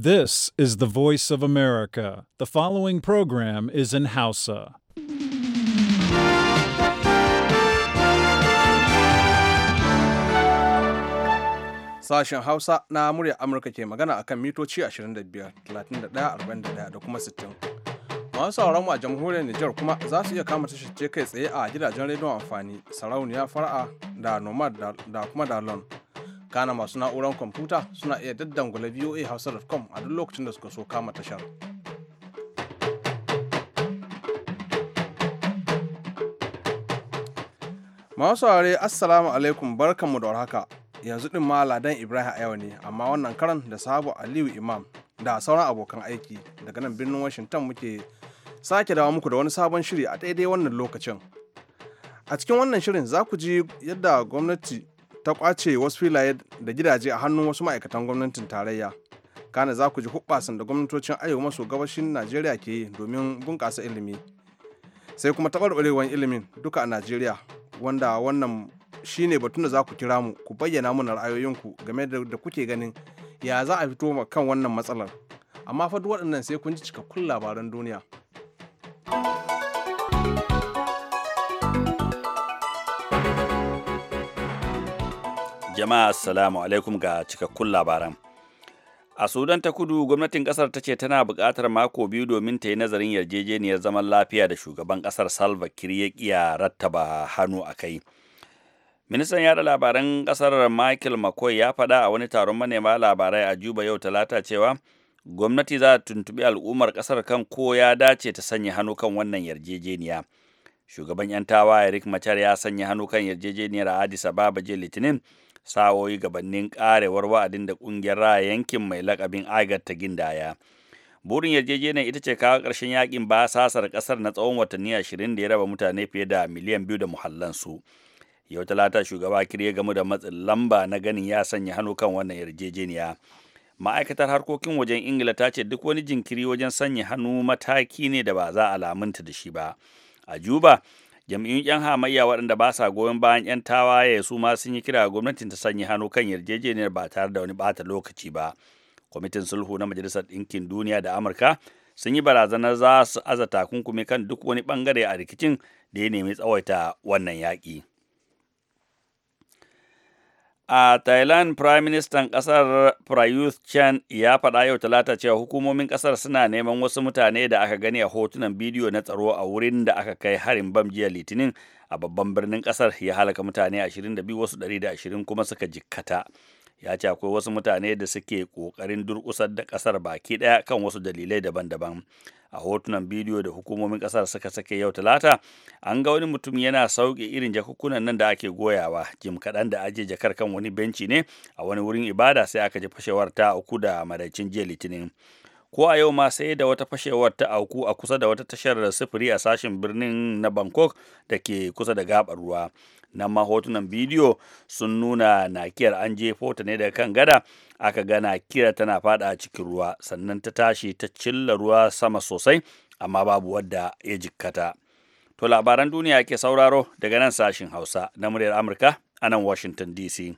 This is the voice of America. The following program is in Hausa. Sashen Hausa na murya Amurka ke magana akan mitoci 25, 31, 41 da kuma 60. Masu sauran a jamhuriyar Nijar kuma za su iya kama tashar kai tsaye a gidajen rediyon amfani, sarauniya fara'a da nomad da kuma dalon. kana masu na'urar kwamfuta suna iya daddangula voa hausa.com a duk lokacin da suka so kama tashar. Masu saurare Assalamu alaikum barkanmu da warhaka. Yanzu ɗin ma Ladan Ibrahim Ayawa ne, amma wannan karan da sabu Aliyu Imam da sauran abokan aiki daga nan birnin Washington muke sake dawo muku da wani sabon shiri a daidai wannan lokacin. A cikin wannan shirin za ku ji yadda gwamnati ta kwace wasu filaye da gidaje a hannun wasu ma'aikatan gwamnatin tarayya kana za ku ji hubbasan da gwamnatocin arewa maso gabashin najeriya ke yi domin bunƙasa ilimi sai kuma taɓarɓarewar ilimin duka a najeriya wanda wannan shine batun da za ku kira mu ku bayyana mana ra'ayoyinku game da kuke ganin ya za a fito kan wannan matsalar amma fa duk waɗannan sai kun ji cikakkun labaran duniya. Jama'a assalamu alaikum ga cikakkun labaran. A Sudan ta kudu gwamnatin kasar ta ce tana buƙatar mako biyu domin ta yi nazarin yarjejeniyar zaman lafiya da shugaban kasar Salva Kiir ya rattaba hannu a kai. Ministan yada labaran kasar Michael McCoy ya faɗa a wani taron manema labarai a Juba yau talata cewa gwamnati za ta tuntuɓi al'ummar kasar kan ko ya dace ta sanya hannu kan wannan yarjejeniya. Shugaban 'yan tawa Eric Machar ya sanya hannu kan yarjejeniyar a Addis Ababa je Litinin sa'o'i gabanin karewar wa'adin da kungiyar raya yankin mai lakabin agar ta gindaya burin yarjejeniyar ita ce kawo ƙarshen yakin basasar ƙasar na tsawon watanni ashirin da ya raba mutane fiye da miliyan biyu da muhallansu yau talata shugaba kirye ya gamu da matsin lamba na ganin ya sanya hannu kan wannan yarjejeniya ma'aikatar harkokin wajen ingila ta ce duk wani jinkiri wajen sanya hannu mataki ne da ba za a lamunta da shi ba a juba jam'iyyun 'yan hamayya waɗanda ba sa goyon bayan 'yan tawaye su ma sun yi kira gwamnatin ta sanya hannu kan yarjejeniyar ba tare da wani bata lokaci ba kwamitin sulhu na majalisar ɗinkin duniya da amurka sun yi barazanar za su aza takunkumi kan duk wani bangare a rikicin da ya nemi tsawaita wannan yaƙi. A Thailand, Prime Minister ƙasar Prayuth Chan ya faɗa yau talata cewa hukumomin kasar suna neman wasu mutane da aka gani a hotunan bidiyo na tsaro a wurin da aka kai harin bam jiya Litinin a babban birnin kasar ya halaka mutane 22 wasu 120 kuma suka jikkata. ya ce akwai wasu mutane da suke ƙoƙarin durƙusar da ƙasar baki ɗaya kan wasu dalilai daban-daban a hotunan bidiyo da hukumomin ƙasar suka sake yau talata an ga wani mutum yana sauke irin jakunkunan nan da ake goyawa jim kaɗan da ajiye jakar kan wani benci ne a wani wurin ibada sai aka ji fashewar ta uku da maraicin jiya litinin ko a yau ma sai da wata fashewar ta auku a kusa da wata tashar sufuri a sashen birnin na bangkok da ke kusa da gabar ruwa nan ma hotunan bidiyo sun nuna nakiyar an jefo ta ne daga kan gada aka ga nakiyar tana fada a cikin ruwa sannan ta tashi ta cilla ruwa sama sosai amma babu wadda ya jikkata to labaran duniya ke sauraro daga nan sashin hausa na muryar amurka a nan washington dc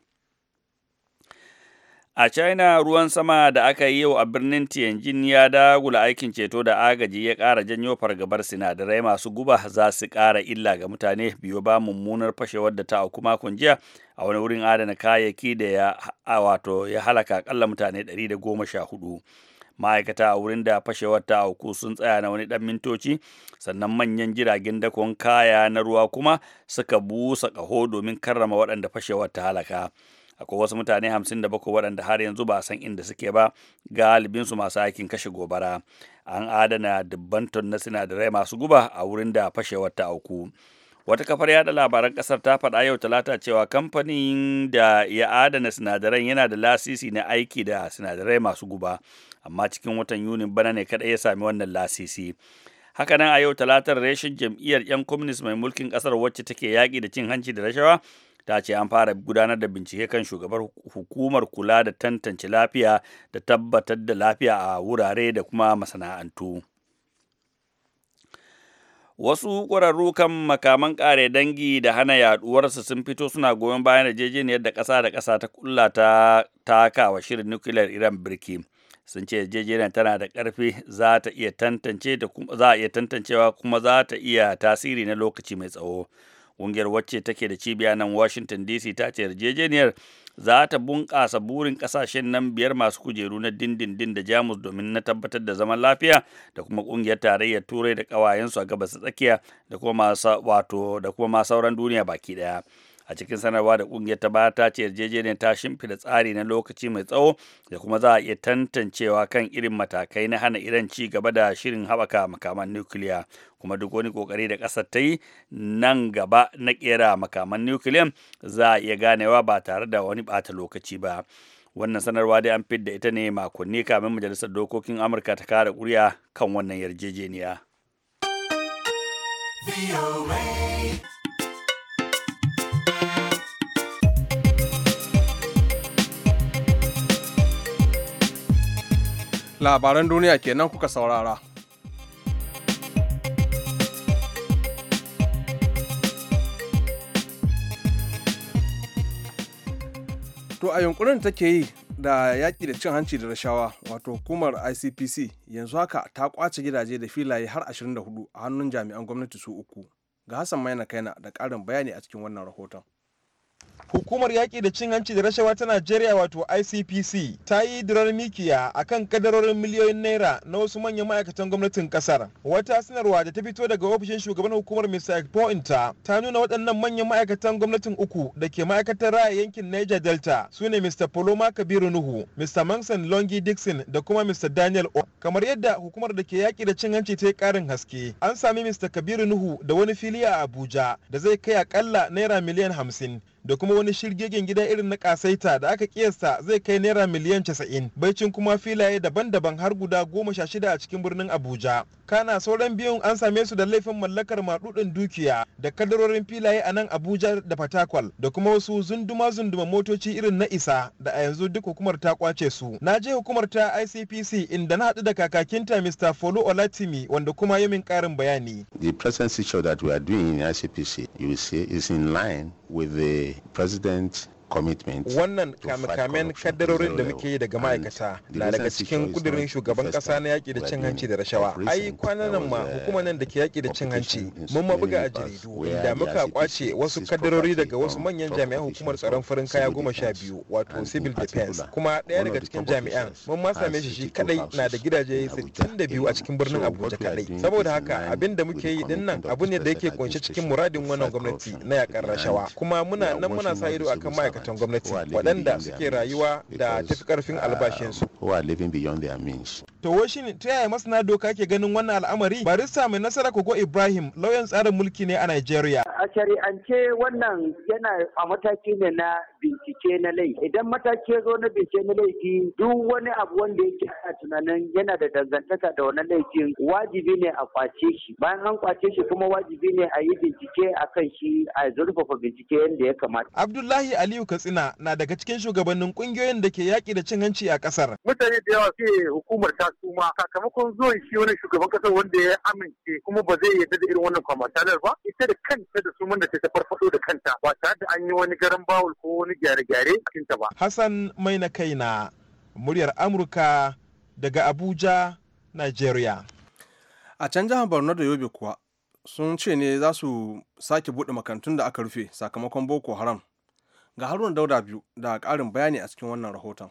A China ruwan sama da aka yi yau a birnin Tianjin ya dagula aikin ceto da agaji ya ƙara janyo fargabar sinadarai masu guba za su ƙara illa ga mutane biyo ba mummunar fashewar da ta auku makon jiya a wani wurin adana kayayyaki da ya wato ya halaka akalla mutane 114. Ma'aikata a wurin da fashewar ta auku sun tsaya na wani ɗan mintoci sannan manyan jiragen dakon kaya na ruwa kuma suka busa ƙaho domin karrama waɗanda fashewar ta halaka. akwai wasu mutane hamsin 57 waɗanda har yanzu ba san inda suke ba su masu aikin kashe gobara an adana dubban na sinadarai masu guba a wurin da fashewar ta auku wata kafar yada labaran kasar ta faɗa yau talata cewa kamfanin da ya adana sinadaran yana da lasisi na aiki da sinadarai masu guba amma cikin watan yuni bana ne kaɗai ya sami wannan lasisi hakanan a yau talatar reshen jam'iyyar 'yan kwaminis mai mulkin kasar wacce take yaƙi da cin hanci da rashawa ta ce an fara gudanar da bincike kan shugabar hukumar kula da tantance lafiya da tabbatar da lafiya a wurare da kuma masana'antu. wasu ƙwararru kan makaman ƙare dangi da hana yaɗuwarsa sun fito suna goyon bayan yarjejeniyar da ƙasa da ƙasa ta kulla ta takawa shirin nukiliyar iran birki sun ce yarjejeniyar tana da ƙarfi za ta iya tantancewa kuma za ta iya tasiri na lokaci mai tsawo ƙungiyar wacce take da cibiya nan washington dc ta ce yarjejeniyar za ta bunƙasa burin ƙasashen nan biyar masu kujeru na dindindin da jamus domin na tabbatar da zaman lafiya da kuma ƙungiyar tarayyar turai da ƙawayensu a gabas tsakiya da kuma ma sauran duniya baki ɗaya. a cikin sanarwa da kungiyar ta baya ta ce yarjejeniyar ta shimfida tsari na lokaci mai tsawo da kuma za a iya tantancewa kan irin matakai na hana iran ci gaba da shirin haɓaka makaman nukiliya kuma duk wani kokari da ƙasar ta yi nan gaba na ƙera makaman nukiliyan za a iya ganewa ba tare da wani ɓata lokaci ba wannan sanarwa dai an fidda ita ne makonni kamin majalisar dokokin amurka ta kara kuriya kan wannan yarjejeniya. labaran duniya kenan kuka saurara. To a yunkurin da take yi da yaƙi da cin hanci da rashawa wato hukumar ICPC yanzu haka ta ƙwace gidaje da filaye har 24 a hannun jami'an gwamnati su uku. Ga Hassan Maina Kaina da ƙarin bayani a cikin wannan rahoton. Hukumar yaƙi da cin hanci da rashawa ta Najeriya wato ICPC ta yi dirar mikiya a kan kadarorin miliyoyin naira na wasu manyan ma'aikatan gwamnatin kasar. Wata sanarwa da ta fito daga ofishin shugaban hukumar Mr. Pointa ta nuna waɗannan manyan ma'aikatan gwamnatin uku da ke ma'aikatar raya yankin Niger Delta su ne Mr. Poloma Kabiru Nuhu, Mr. Manson Longi Dixon da kuma Mr. Daniel O. Kamar yadda hukumar da ke yaƙi da cin hanci ta yi ƙarin haske, an sami Mr. Kabiru Nuhu da wani fili a Abuja da zai kai aƙalla naira miliyan hamsin da kuma wani shirgegen gida irin na kasaita da aka kiyasta zai kai naira miliyan 90 baicin kuma filaye daban-daban har guda goma sha shida a cikin birnin abuja kana sauran biyun an same su da laifin mallakar maɗuɗin dukiya da kadarorin filaye a nan abuja da fatakwal da kuma wasu zunduma zunduma motoci irin na isa da a yanzu duk hukumar ta kwace su na je hukumar ta icpc inda na haɗu da kakakinta mr folo olatimi wanda kuma yi min karin bayani the present that we are doing in icpc you see is in line with the president wannan kame-kamen kaddarorin da muke yi daga ma'aikata na daga cikin kudirin shugaban kasa na yaƙi da cin hanci da rashawa ai kwanan nan ma uh, hukumar nan da ke yaƙi da cin hanci mun mabuga a jaridu da muka kwace wasu kaddarori daga wasu manyan jami'an hukumar tsaron farin kaya goma sha biyu wato civil defense kuma ɗaya daga cikin jami'an mun ma same shi shi kadai na da gidaje 62 a cikin birnin abuja kadai saboda haka abin da muke yi dinnan abu ne da yake kunshe cikin muradin wannan gwamnati na yakar rashawa kuma muna nan muna sa ido akan ma'aikata ma'aikatan gwamnati waɗanda suke rayuwa da tafi karfin um, albashinsu. To wai ne ta yaya masana doka ke ganin wannan al'amari? Barista mai nasara Kogo Ibrahim lauyan tsarin mulki ne a Najeriya. A shari'ance wannan yana a mataki ne na bincike na laifi idan mataki ya zo na bincike na laifi duk wani abu wanda yake a tunanin yana da dangantaka da wani laifin wajibi ne a kwace shi bayan an kwace shi kuma wajibi ne a yi bincike a kan shi a zurfafa bincike yadda ya kamata. Abdullahi Aliyu Katsina na daga cikin shugabannin kungiyoyin da ke yaƙi da cin hanci a ƙasar. Mutane da yawa ke hukumar ta suma sakamakon zuwan shi wani shugaban ƙasar wanda ya amince kuma ba zai yarda da irin wannan kwamatanar ba ita da kanta da suman da ta farfado da kanta ba tare da an yi wani garan bawul ko wani wani gyare-gyare cikin ta ba. Hassan mai na kai na muryar Amurka daga Abuja, Nigeria. A can jihar Borno da Yobe kuwa sun ce ne za su sake buɗe makarantun da aka rufe sakamakon Boko Haram. Ga Haruna Dauda biyu da ƙarin bayani a cikin wannan rahoton.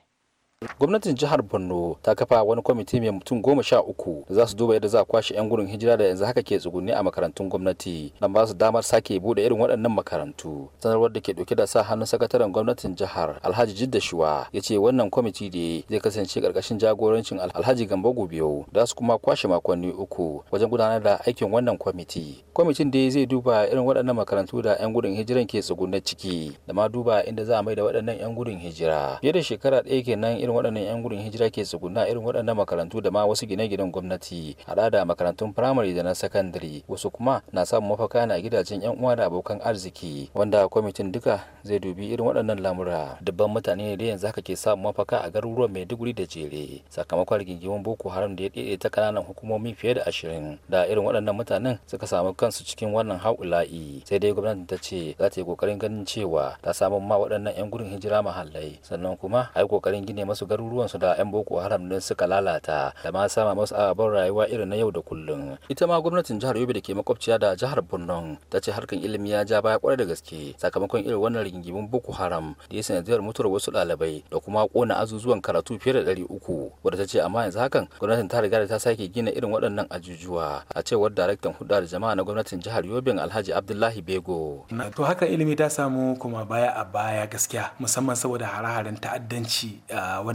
gwamnatin jihar borno ta kafa wani kwamiti mai mutum goma sha uku da za su duba yadda za a kwashe 'yan gudun hijira da yanzu haka ke tsugunni a makarantun gwamnati nan ba su damar sake bude irin waɗannan makarantu sanarwar da ke ɗauke da sa hannun sakataren gwamnatin jihar alhaji jidda shuwa ya ce wannan kwamiti ne zai kasance karkashin jagorancin alhaji gambo gobiyo da su kuma kwashe makonni uku wajen gudanar da aikin wannan kwamiti kwamitin da zai duba irin waɗannan makarantu da 'yan gudun hijiran ke tsugunne ciki da ma duba inda za a mai da waɗannan 'yan gudun hijira fiye da shekara ɗaya kenan irin irin waɗannan 'yan gudun hijira ke tsuguna irin waɗannan makarantu da ma wasu gine-ginen gwamnati haɗa da makarantun firamare da na sakandare wasu kuma na samun mafaka na gidajen 'yan uwa da abokan arziki wanda kwamitin duka zai dubi irin waɗannan lamura dubban mutane ne da yanzu haka ke samun mafaka a garuruwan maiduguri da jere sakamakon rigingimin boko haram da ya ɗaiɗe ta kananan hukumomi fiye da ashirin da irin waɗannan mutanen suka samu kansu cikin wannan haula'i sai dai gwamnati ta ce za ta yi ƙoƙarin ganin cewa ta samu ma waɗannan 'yan gudun hijira mahallai sannan kuma a yi ƙoƙarin gine masu garuruwan su da 'yan boko haram din suka lalata da ma sama musu abin rayuwa irin na yau da kullum ita ma gwamnatin jihar yobe da ke makwabciya da jihar borno ta ce harkan ilimi ya ja baya kwarai da gaske sakamakon irin wannan rigingimin boko haram da ya sanadiyar mutuwar wasu ɗalibai da kuma kona azuzuwan karatu fiye da ɗari uku wadda ta ce amma yanzu hakan gwamnatin ta riga ta sake gina irin waɗannan ajujuwa a cewar daraktan da jama'a na gwamnatin jihar yobe alhaji abdullahi bego to haka ilimi ta samu kuma baya a baya gaskiya musamman saboda hare-haren ta'addanci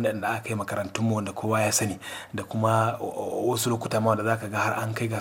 da aka kai makarantun wanda kowa ya sani da kuma wasu lokuta ma wanda ka ga har an kai ga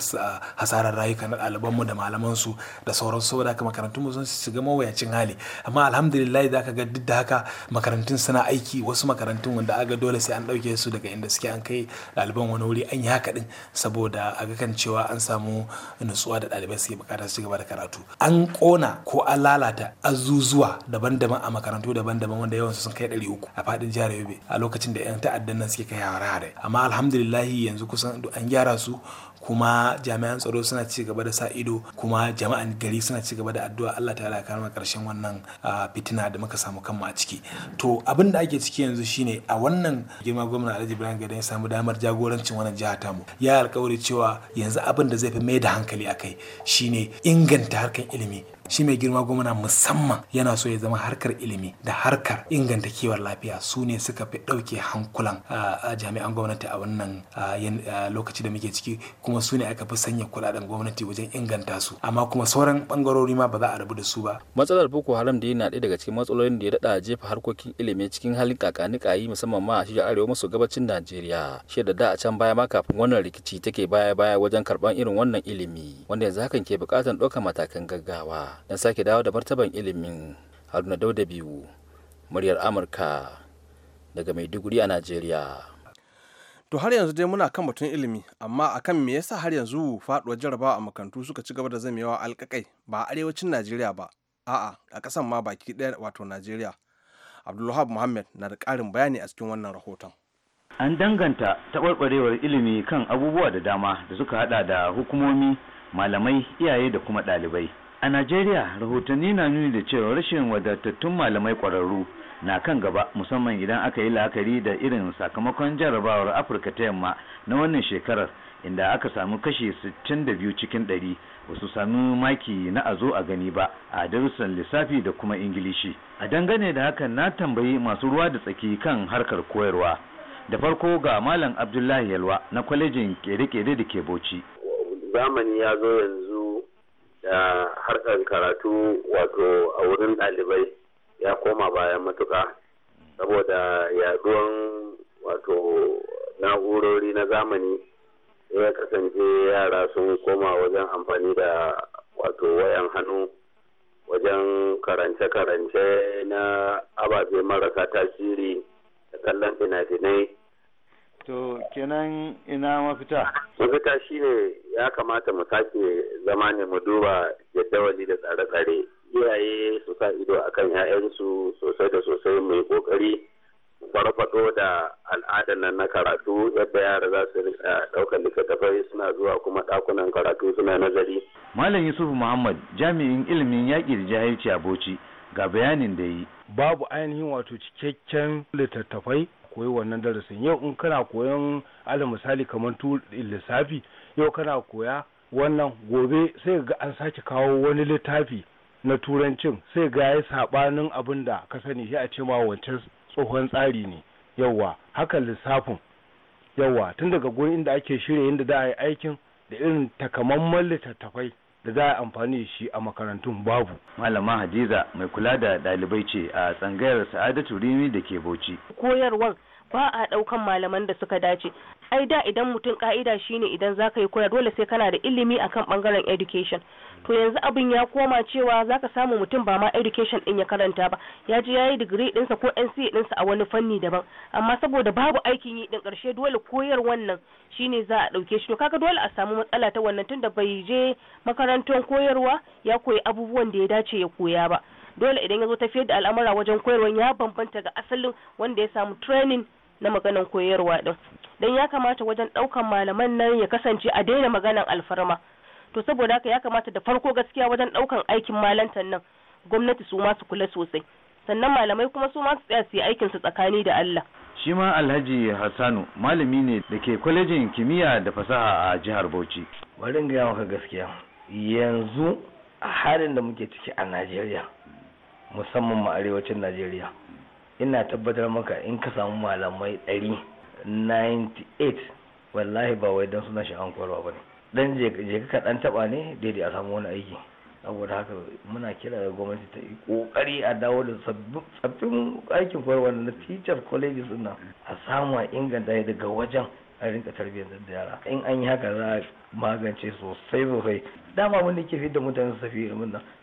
hasarar rayuka na ɗaliban mu da malaman su da sauran su da makarantun mu sun shiga mawuyacin hali amma alhamdulillah ka ga duk da haka makarantun suna aiki wasu makarantun wanda aga dole sai an ɗauke su daga inda suke an kai ɗaliban wani wuri an yi haka din saboda a ga kan cewa an samu nutsuwa da ɗalibai suke buƙatar su gaba da karatu an ƙona ko an lalata azuzuwa daban-daban a makarantu daban-daban wanda yawansu sun kai ɗari uku a faɗin jihar yobe a lokacin da 'yan ta'addan nan suke kai hare-hare amma alhamdulillahi yanzu kusan an gyara su kuma jami'an tsaro suna ci gaba da sa ido kuma jama'an gari suna ci gaba da addu'a Allah ta ya kama karshen wannan fitina da muka samu kanmu a ciki to abin da ake ciki yanzu shine a wannan girma gwamna Alhaji Ibrahim Gadan ya samu damar jagorancin wannan jiha mu ya alkawari cewa yanzu abin da zai fi mai da hankali akai shine inganta harkan ilimi shi mai girma gwamna musamman yana so ya zama harkar ilimi da harkar inganta kiwon lafiya su ne suka fi ɗauke hankulan jami'an gwamnati a wannan lokaci da muke ciki kuma su ne aka fi sanya kuɗaɗen gwamnati wajen inganta su amma kuma sauran ɓangarori ma ba za a rabu da su ba. matsalar boko haram da yana ɗaya daga cikin matsalolin da ya daɗa jefa harkokin ilimi cikin halin kayi musamman ma a shi arewa maso gabacin najeriya shi da da a can baya ma kafin wannan rikici take baya baya wajen karɓan irin wannan ilimi wanda yanzu hakan ke buƙatar ɗaukar matakan gaggawa. Na sake dawo da martaban ilimin haruna dauda biyu muryar amurka daga maiduguri a najeriya to har yanzu dai muna kan batun ilimi amma akan me yasa har yanzu faduwar jarabawa a makarantu suka ci gaba da zamewa alkakai ba a arewacin najeriya ba a'a a kasan ma baki ɗaya wato najeriya abdulwahab muhammad na da ƙarin bayani a cikin wannan rahoton an danganta taɓarɓarewar ilimi kan abubuwa da dama da suka haɗa da hukumomi malamai iyaye da kuma ɗalibai A Najeriya rahotanni na nuni da cewa rashin wadatattun malamai ƙwararru na kan gaba musamman idan aka yi la'akari da irin sakamakon jarabawar Afirka ta yamma na wannan shekarar inda aka samu kashi 62 cikin 100 wasu sami maki na a zo a gani ba a darussan lissafi da kuma ingilishi. A dangane da hakan na tambayi masu ruwa da tsaki kan harkar koyarwa. Da farko ga Malam Abdullahi Yalwa na kwalejin kere-kere da ke Bauchi. Zamani ya zo yanzu da harkar karatu wato a wurin ɗalibai ya koma bayan matuka saboda yaduwan wato na'urori na zamani ya kasance yara sun koma wajen amfani da wato wayan hannu wajen karance-karance na ababe marasa tasiri da kallon fina-finai To kenan ina mafita? Mafita ne ya kamata mu sake zama ne mu duba jadawali da tsare-tsare. Iyaye su sa ido a kan 'ya'yansu sosai da sosai mai kokari farfado da al'adar nan na karatu yadda yara za su ɗaukar littattafai suna zuwa kuma ɗakunan karatu suna nazari. Malam Yusuf Muhammad jami'in ilimin yaƙi da jahilci a Bauchi ga bayanin da yi. Babu ainihin wato cikakken littattafai koyi wannan darasin yau in kana koyon alal misali kamar lissafi yau kana koya wannan gobe sai ga an sake kawo wani littafi na turancin sai ga ya sabanin abin da ka sani shi a ce ma wancan tsohon tsari ne yauwa hakan lissafin yauwa tun daga gurin inda ake shirya yadda za a yi aikin da irin takamaiman littattafai da za a amfani da shi a makarantun babu. Malama Hadiza mai kula da ɗalibai ce a tsangayar Sa'adatu Rimi da ke Bauchi. Koyarwar ba a ɗaukan malaman da suka dace ai da idan mutum ka'ida shine idan zaka yi koya dole sai kana da ilimi akan bangaren education to yanzu abin ya koma cewa zaka samu mutum ba ma education din ya karanta ba ya ji yayi digiri dinsa ko NCE dinsa a wani fanni daban amma saboda babu aikin yi din karshe dole koyar wannan shine za a dauke shi to kaga dole a samu matsala ta wannan tunda bai je makarantar koyarwa ya koyi abubuwan da ya dace ya koya ba dole idan ya zo tafiyar da al'amura wajen koyarwa ya bambanta ga asalin wanda ya samu training na maganan koyarwa din dan ya kamata wajen daukan malaman nan ya kasance a daina maganan alfarma to saboda haka ya kamata da farko gaskiya wajen daukan aikin malantan nan gwamnati su ma su kula sosai sannan malamai kuma su ma su tsaya su yi aikin su tsakani da Allah shi ma Alhaji Hassanu malami ne da ke kwalejin kimiyya da fasaha a jihar Bauchi bari ga maka gaskiya yanzu a halin da muke ciki a Najeriya musamman ma arewacin Najeriya ina tabbatar maka in ka samu malamai ɗari 98 wallahi ba wai don suna sha'an kwarwa ba ne dan je ka dan taba ne daidai a samu wani aiki saboda haka muna kira da gwamnati ta yi kokari a dawo da sabbin aikin kwarwa na teacher college suna. a samu a inganta daga wajen a rinka tarbiyyar da yara in an yi haka za a magance sosai sosai dama mun da ke fi da mutane su tafi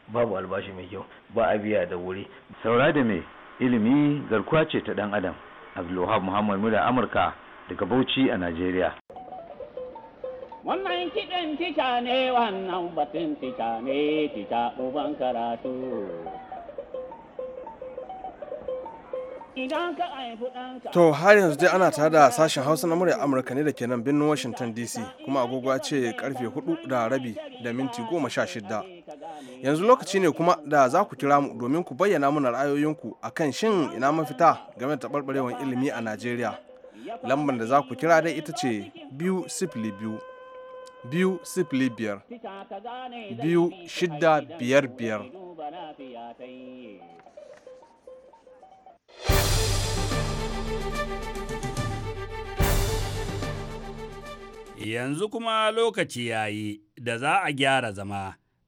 babu albashi mai kyau ba a biya da wuri saura da me ilimi garkuwa ce ta ɗan adam abdulwahab muhammad muda amurka daga bauchi a najeriya wannan kiɗin tica ne wannan batun tica ne tica uban karatu To har yanzu dai ana tare da sashen Hausa na murya Amurka ne da ke nan birnin Washington DC kuma agogo ce karfe 4 da rabi da minti 16. yanzu lokaci ne kuma da za ku kira mu domin ku bayyana mana ra'ayoyinku a kan shin ina mafita game da taɓarɓarewar ilimi a najeriya lambar da za ku kira dai ita ce biyu sifili biyu biyu sifili biyar biyu shidda biyar biyar yanzu kuma lokaci ya yi da za a gyara zama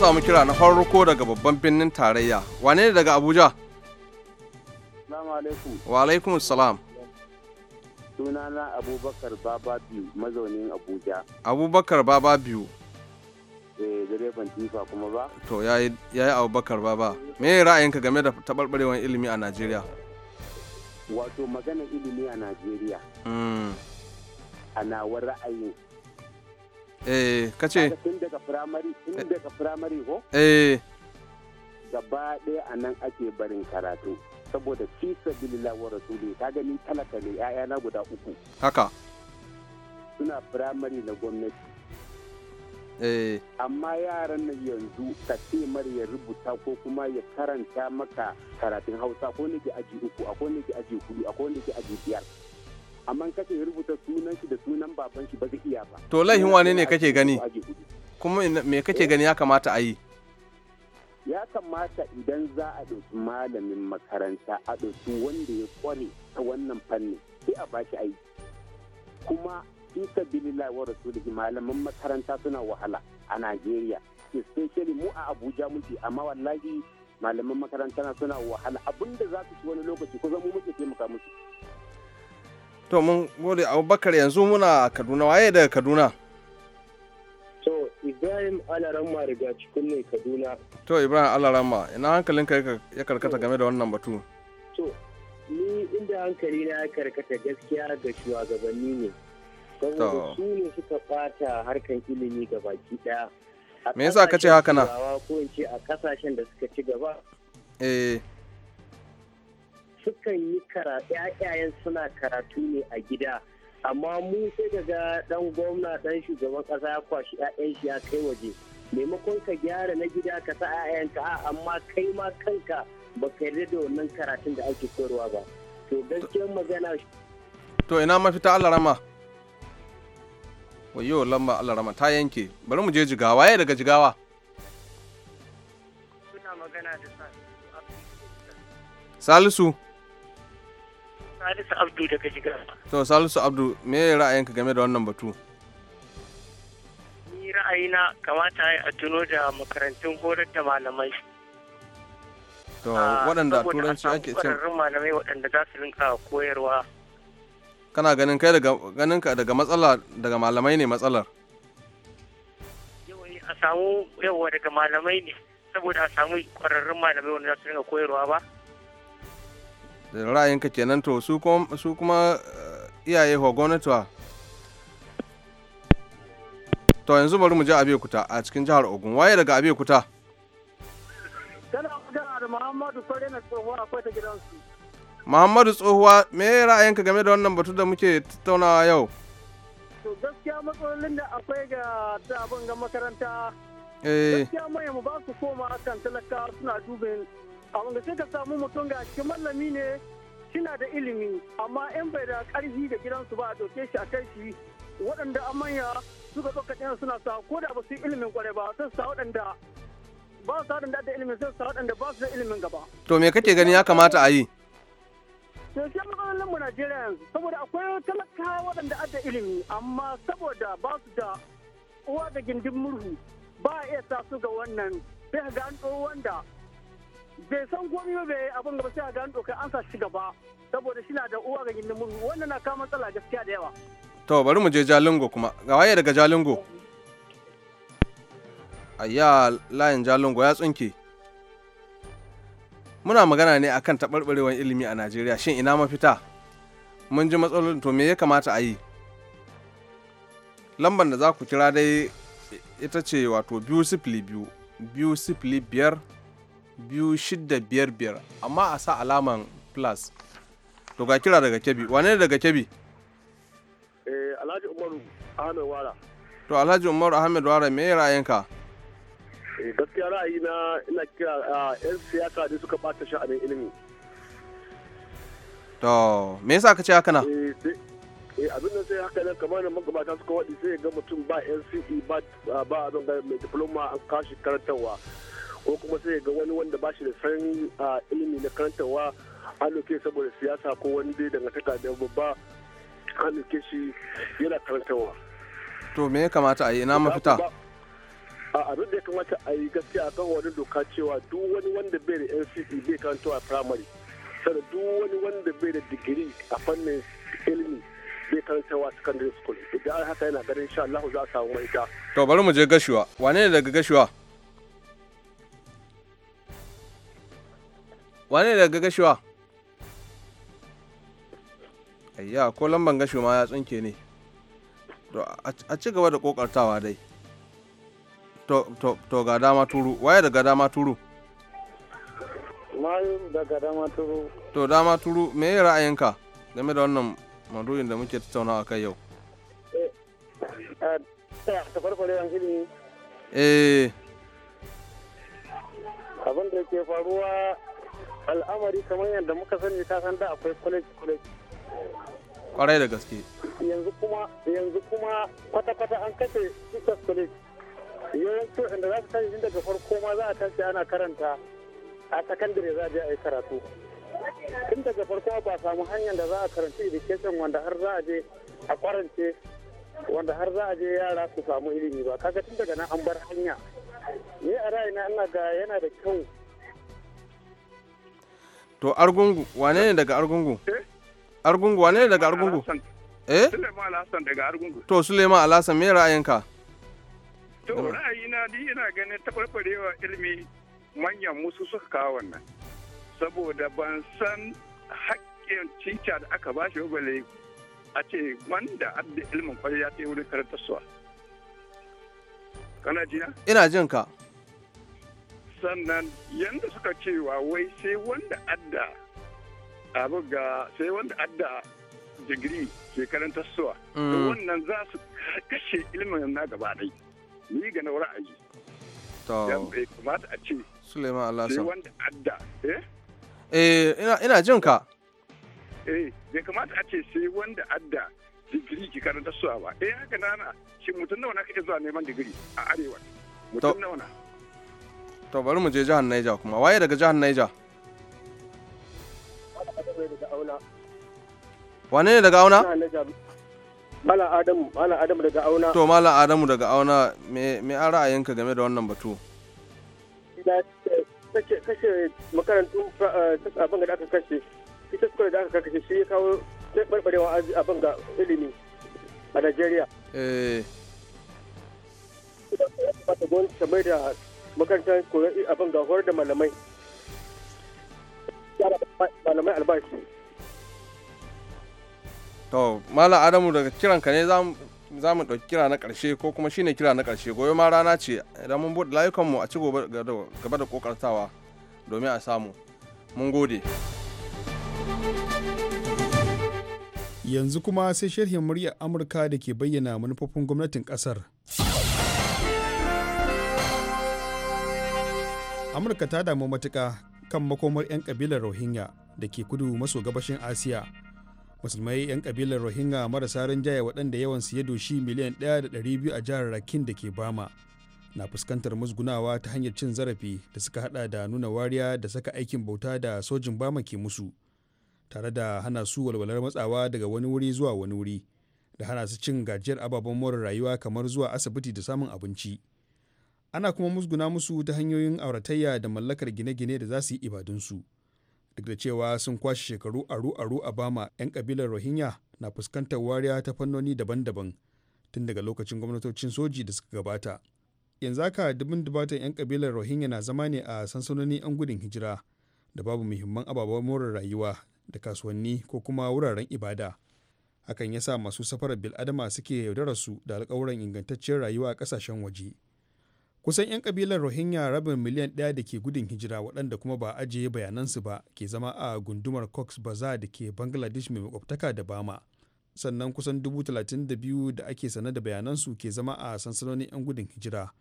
za mu kira na farko daga babban birnin tarayya wane ne daga abuja wa alaikum salam sunana abubakar baba biyu mazaunin abuja abubakar baba biyu eh direban tifa kuma ba to ya yi abubakar baba me ne ra'ayinka game da taɓarɓarewar ilimi a najeriya wato magana ilimi a najeriya mm. ana wa ra'ayin eh kace tun daga firamare tun eh. daga firamare ko eh gaba ɗaya a nan ake barin karatu saboda fi sabilillah wa rasuli ka gani talaka ne na guda uku haka suna firamare na gwamnati eh amma yaran nan yanzu ka ce mar ya rubuta ko kuma ya karanta maka karatun hausa ko ne ke aji uku akwai ne ke aji hudu akwai ne ke aji biyar amma kace ya rubuta sunan shi da sunan baban shi ba zai iya ba to laihin wane ne kake gani kuma me kake gani ya kamata a yi ya kamata idan za a dauki malamin makaranta a dauki wanda ya kware ta wannan fanni sai a bashi aiki kuma fi sabilillahi wa rasulihi malaman makaranta suna wahala a Najeriya especially mu a Abuja muke amma wallahi malaman makaranta suna wahala abinda za su ci wani lokaci ko mu muke taimaka musu to mun gode abubakar yanzu muna kaduna waye daga kaduna to ibrahim Alarama daga cikin ne kaduna to ibrahim Alarama, ina hankalin ka ya karkata game da wannan batu to ni inda hankali na ya karkata gaskiya ga shugabanni ne To su ne suka bata harkan ilimi ga baki daya me yasa ka ce haka na ko in ce a kasashen da suka ci gaba eh sukan yi karatu yayayen suna karatu ne a gida amma mu sai daga dan gwamna dan shugaban kasa ya kwashi yayan shi ya kai waje maimakon ka gyara na gida ka sa ƴaƴanka a amma kai ma kanka ba ka yarda da wannan karatun da ake koyarwa ba to gaskiyar magana to ina mafita Allah rama wayo lamba Allah rama ta yanke bari mu je jigawa ya daga jigawa Salisu. Salisu Abdu daga Jigawa. To Salisu Abdu me ra'ayinka game da wannan batu? Ni ra'ayina kamata a tuno da makarantun horar da malamai. To ah, waɗanda turanci ake cin. Saboda malamai waɗanda za su rinka koyarwa. Kana ganin kai daga ganin ka daga matsala daga malamai ne matsalar. Yawai a samu yawa daga malamai ne saboda a samu ƙwararrun malamai wanda za su rinka koyarwa ba. da ra'ayinka kenan to su kuma eh, iyaye wa gwamnatiwa to yanzu bari mu je kuta a cikin jihar ogun waye daga abe kuta da muhammadu na tsohuwa akwai ta gidansu muhammadu tsohuwa me ra'ayinka game da wannan batu da muke tattaunawa yau to gaskiya matsalolin da akwai ga abin ga makaranta eh. gaskiya mai mu ba su koma kan talaka suna dubin a wanda sai ka samu mutum ga shi mallami ne suna da ilimi amma in bai da karfi da gidansu ba a doke shi a kai shi waɗanda amanya manya suka ɗauka ɗaya suna sa ko da ba su yi ilimin kwarai ba sun sa waɗanda ba su waɗanda da ilimin sun sa waɗanda ba su da ilimin gaba. to me kake gani ya kamata a yi. to shi matsalolin mu Najeriya yanzu saboda akwai talakawa waɗanda adda ilimi amma saboda ba su da uwa da gindin murhu ba a iya sa su ga wannan sai ga an wanda bai san gomi ba bai abin gaba sai a gano doka an sa shi gaba saboda shi na da uwa ga gindin murhu wannan na kawo matsala gaskiya da yawa. to bari mu je jalingo kuma ga waye daga jalingo. ayya layin jalingo ya tsunke. muna magana ne akan taɓarɓarewar ilimi a najeriya shin ina mafita mun ji matsalolin to me ya kamata a yi lambar da za ku kira dai ita ce wato biyu sifili biyu biyu sifili biyar 2655 amma a sa alaman plus to ga kira daga kebi wane daga kebi eh alhaji umaru ahmed wara to alhaji umaru ahmed wara me ra'ayinka eh, gaskiya ra'ayi na ina kira yan siyasa da suka bata sha'anin ilimi to me yasa ka ce haka na eh, eh abin da sai haka nan kamar na magabata suka waɗi sai ga mutum ba NCE ba ba abin mai diploma an kashi karantarwa ko kuma sai ga wani wanda ba shi da san ilimi na karantarwa aloke saboda siyasa ko wani dai dangantaka da babba aloke shi yana karantarwa. To me ya kamata a yi ina mafita? a abin da ya kamata a yi gaskiya akan wani doka cewa duk wani wanda bai da NCC bai karanta a primary sannan duk wani wanda bai da digiri a fannin ilimi bai wa secondary school idan haka yana ganin sha Allah za a samu mafita. To bari mu je gashuwa wane ne daga gashuwa? wane daga gashuwa ayya ko lamban gasho ma ya tsinke ne to a ci gaba da kokartawa dai to ga dama turu waye daga dama turu mayu daga dama turu to dama turu me yi ra'ayinka game da wannan madurin da muke a kai yau eh, eh, eh abin da ke faruwa al'amari kamar yadda muka sani ka san da akwai college college kwarai da gaske yanzu kuma yanzu kuma kwata-kwata an kashe teachers college yawanci inda za su tashi daga farko ma za a tashi ana karanta a sakandare za a je a yi karatu tun daga farko ba samu hanyar da za a karanci education wanda har za a je a kwarance wanda har za a je yara su samu ilimi ba kaga tun daga nan an bar hanya ni a ra'ayina ina ga yana da kyau to argungu wane ne daga argungu eh? argungu wane ne daga argungu eh suleiman alhassan daga argungu to suleiman alhassan me ra'ayinka to ra'ayina dai ina ganin taɓarɓarewa ilimi manyan musu suka kawo wannan saboda ban san haƙƙin cica da aka ba shi bale a ce wanda adda ilimin kwarai ya ta yi wurin karantarsuwa kana jina ina jinka. ka sannan yadda suka cewa wai sai wanda adda abu ga sai wanda adda digiri ke karanta suwa to mm. wannan za su kashe ilimin na gaba dai ni ga na ra'ayi to bai kamata a ce Suleiman sai wanda adda eh eh ina ina jin ka eh bai kamata a ce sai wanda adda digiri ke karanta suwa ba eh haka nana na shi mutum nawa na kake zuwa neman digiri a arewa mutum nawa na to bari mu je jihar Niger kuma waye daga jihar Niger wane ne daga auna Mala Adamu, Mala Adamu daga auna. To Mala Adamu daga auna me ara a ra'ayinka game da wannan batu? kashe makarantu eh, abin da aka kashe, ita sukwai da aka kashe shi ya kawo barbarewa abin ga ilimi a Najeriya. Eh. Gwamnati ta mai da makarantar koyon abin ga horar da malamai malamai albashi to mala adamu daga ka ne za mu ɗauki kira na ƙarshe ko kuma shine kira na ƙarshe goyo ma rana ce idan mun buɗe mu a ci gaba da ƙoƙartawa domin a samu mun gode yanzu kuma sai sharhin muryar amurka da ke bayyana manufofin gwamnatin ƙasar amurka ta damu matuka kan makomar 'yan kabilar rohingya da ke kudu maso gabashin asiya musulmai 'yan kabilar rohingya marasa rinjaye waɗanda yawan su ya doshi miliyan 1.200 a jihar rakin da ke bama na fuskantar musgunawa ta hanyar cin zarafi da suka hada da nuna wariya da saka aikin bauta da sojin bama ke musu tare da hana su walwalar matsawa daga wani wuri zuwa wani wuri da hana su cin gajiyar ababen more rayuwa kamar zuwa asibiti da samun abinci ana kuma musguna musu ta hanyoyin auratayya da mallakar gine-gine da za su yi ibadunsu duk da cewa sun kwashe shekaru aru-aru a bama 'yan kabilar rohingya na fuskantar wariya ta fannoni daban-daban tun daga lokacin gwamnatocin soji da suka gabata yanzu haka dubin dubatan 'yan kabilar rohingya na zama ne a sansanonin 'yan gudun hijira da babu muhimman ababen more rayuwa da kasuwanni ko kuma wuraren ibada hakan yasa masu safarar bil'adama suke yaudararsu da alkawuran ingantacciyar rayuwa a ƙasashen waje kusan 'yan kabilar rohingya rabin miliyan ɗaya da ke gudun hijira waɗanda kuma ba ajiye bayanansu ba ke zama a gundumar cox bazaar da ke bangladesh mai makwabtaka da bama sannan kusan dubu talatin da biyu da ake sane da bayanansu ke zama a sansanonin 'yan gudun hijira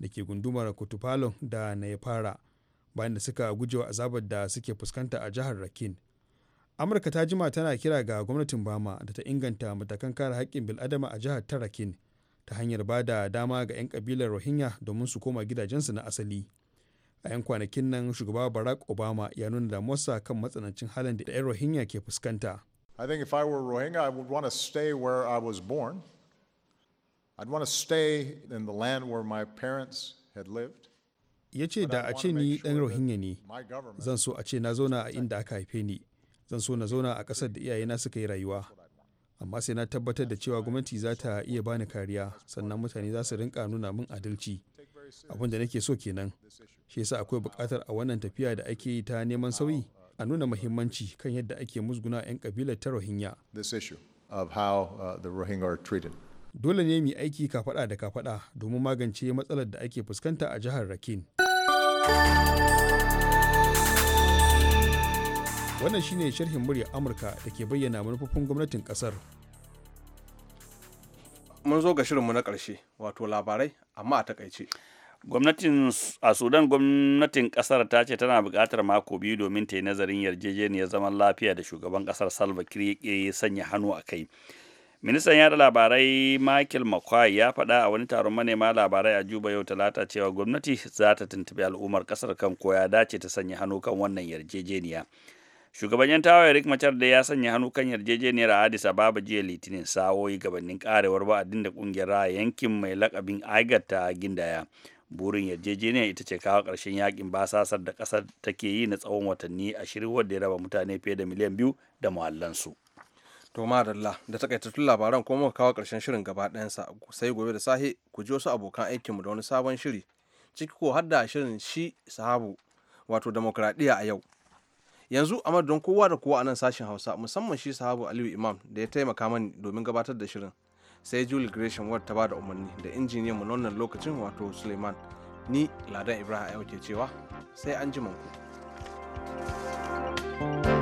da ke gundumar kutupalon da fara bayan da suka gujewa azabar da suke fuskanta a jihar rakin amurka ta jima tana kira ga gwamnatin bama da ta inganta matakan kare haƙƙin bil'adama a jihar ta rakin ta hanyar ba da dama ga 'yan kabilar rohingya domin su koma gidajensu na asali a 'yan kwanakin nan shugaba barack obama ya nuna da damuwarsa kan matsanancin halin da 'yan rohingya ke fuskanta I think if I was born. I'd in the land where my parents had lived. ya ce da a ce ni ɗan rohingya ne zan so a ce na zauna a inda aka haife ni zan so na zauna a ƙasar da iyayena suka yi rayuwa amma sai na tabbatar da cewa gwamnati za ta iya bani kariya sannan mutane za su rinka nuna min adalci abin da nake so kenan shi yasa akwai buƙatar a wannan tafiya da ake yi ta neman sauyi a nuna muhimmanci kan yadda ake musguna 'yan kabilar ta rohingya uh, dole ne mu aiki kafaɗa da kafaɗa domin magance matsalar da ake fuskanta a jihar rakin wannan shine sharhin murya amurka da ke bayyana manufofin gwamnatin kasar mun zo ga shirinmu na ƙarshe wato labarai amma a takaice gwamnatin a sudan gwamnatin kasar ta ce tana buƙatar mako biyu domin ta yi nazarin yarjejeniyar zaman lafiya da shugaban kasar salva kiir ya sanya hannu a kai ministan yada labarai michael mccoy ya faɗa a wani taron manema labarai a juba yau talata cewa gwamnati za ta tuntuɓi al'ummar kasar kan ko ya dace ta sanya hannu kan wannan yarjejeniya shugaban yan tawaye rick machar da ya sanya hannu kan yarjejeniyar a addis ababa jiya litinin sawoyi gabanin karewar ba'adin da kungiyar raya yankin mai lakabin aigar ta gindaya burin yarjejeniyar ita ce kawo ƙarshen yakin basasar da ƙasar take yi na tsawon watanni ashirin wadda ya raba mutane fiye da miliyan biyu da muhallansu. to madalla da takaitattun labaran kuma muka kawo karshen shirin gaba ɗayansa sai gobe da sahi ku ji wasu abokan aikinmu da wani sabon shiri ciki ko hadda da shirin shi sahabu wato demokradiyya a yau yanzu a madadin kowa da kowa a nan sashen hausa musamman shi sahabu aliyu imam da ya taimaka mani domin gabatar da shirin sai julie gresham ward ta bada umarni da injiniyan mu nan lokacin wato suleiman ni ladan ibrahim ayo ke cewa sai an ji ku. thank you